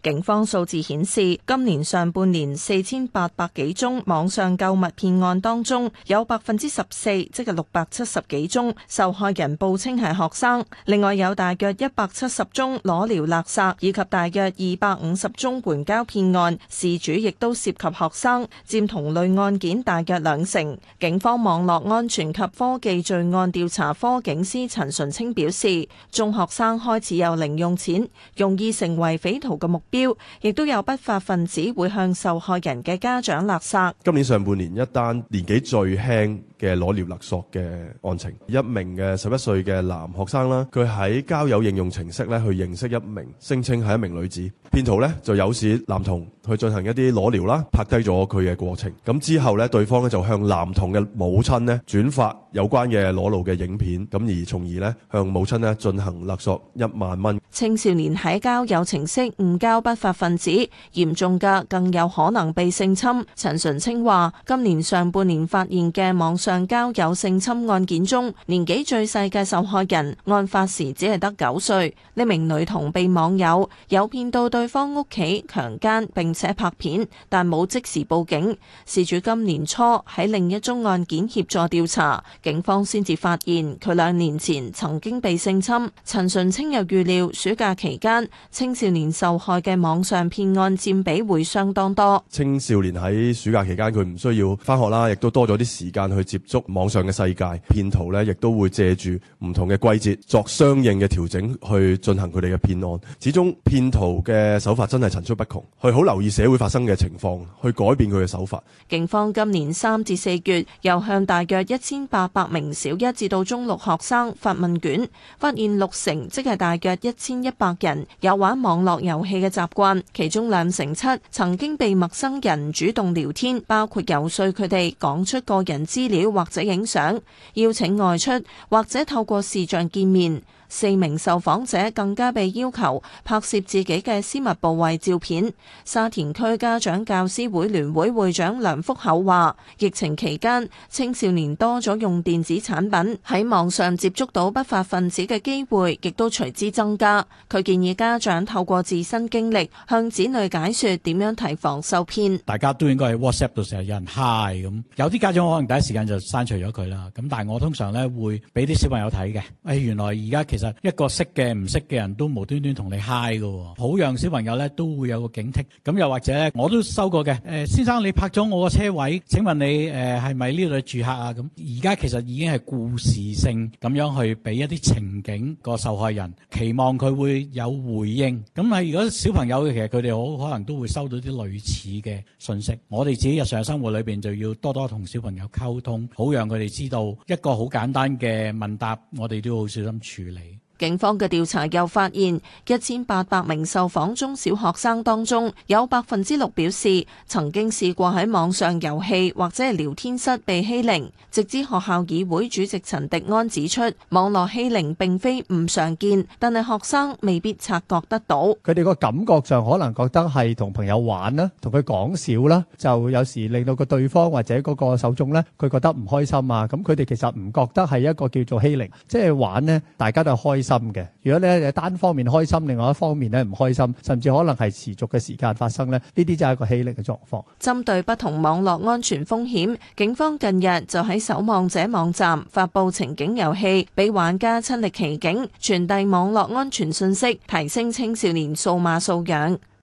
警方數字顯示，今年上半年四千八百幾宗網上購物騙案當中，有百分之十四，即係六百七十幾宗，受害人報稱係學生。另外有大約一百七十宗裸聊勒索，以及大約二百五十宗援交騙案，事主亦都涉及學生，佔同類案件大約兩成。警方網絡安全及科技罪案調查科警司陳純清表示，中學生開始有零用錢，容易成為匪徒嘅目標標，亦都有不法分子會向受害人嘅家長勒索。今年上半年一單年紀最輕嘅裸聊勒索嘅案情，一名嘅十一歲嘅男學生啦，佢喺交友應用程式咧去認識一名聲稱係一名女子，騙徒咧就有時男童去進行一啲裸聊啦，拍低咗佢嘅過程。咁之後咧，對方咧就向男童嘅母親咧轉發有關嘅裸露嘅影片，咁而從而咧向母親咧進行勒索一萬蚊。青少年喺交友程式誤交不法分子，嚴重嘅更有可能被性侵。陳純清話，今年上半年發現嘅網上。上交有性侵案件中，年紀最細嘅受害人案發時只係得九歲，呢名女童被網友誘騙，到對方屋企強姦，並且拍片，但冇即時報警。事主今年初喺另一宗案件協助調查，警方先至發現佢兩年前曾經被性侵。陳順清又預料，暑假期間青少年受害嘅網上騙案佔比會相當多。青少年喺暑假期間佢唔需要翻學啦，亦都多咗啲時間去接。接觸網上嘅世界，騙徒呢亦都會借住唔同嘅季節作相應嘅調整，去進行佢哋嘅騙案。始終騙徒嘅手法真係層出不窮，佢好留意社會發生嘅情況，去改變佢嘅手法。警方今年三至四月又向大約一千八百名小一至到中六學生發問卷，發現六成即係大約一千一百人有玩網絡遊戲嘅習慣，其中兩成七曾經被陌生人主動聊天，包括游説佢哋講出個人資料。或者影相，邀請外出或者透過視像見面。四名受訪者更加被要求拍攝自己嘅私密部位照片。沙田區家長教師會聯會會長梁福厚話，疫情期間青少年多咗用電子產品，喺網上接觸到不法分子嘅機會，亦都隨之增加。佢建議家長透過自身經歷向子女解説點樣提防受騙。大家都應該喺 WhatsApp 度成日有人「嗨」。咁，有啲家長可能第一時間就刪除咗佢啦。咁但係我通常咧會俾啲小朋友睇嘅。哎，原來而家其其實一個識嘅唔識嘅人都無端端同你 high 嘅，好讓小朋友咧都會有個警惕。咁又或者咧，我都收過嘅。誒，先生你拍咗我個車位，請問你誒係咪呢度住客啊？咁而家其實已經係故事性咁樣去俾一啲情景個受害人，期望佢會有回應。咁係如果小朋友其實佢哋好可能都會收到啲類似嘅信息。我哋自己日常生活裏邊就要多多同小朋友溝通，好讓佢哋知道一個好簡單嘅問答，我哋都要好小心處理。警方嘅調查又發現一千八百名受訪中小學生當中，有百分之六表示曾經試過喺網上遊戲或者聊天室被欺凌。直資學校議會主席陳迪安指出，網絡欺凌並非唔常見，但係學生未必察覺得到。佢哋個感覺上可能覺得係同朋友玩啦，同佢講笑啦，就有時令到個對方或者 𠮶 個受眾咧，佢覺得唔開心啊。咁佢哋其實唔覺得係一個叫做欺凌，即係玩咧，大家都開心，心嘅，如果你就單方面開心，另外一方面咧唔開心，甚至可能係持續嘅時間發生呢，呢啲就係一個欺凌嘅狀況。針對不同網絡安全風險，警方近日就喺《守望者》網站發布情景遊戲，俾玩家親歷其境，傳遞網絡安全信息，提升青少年數碼素養。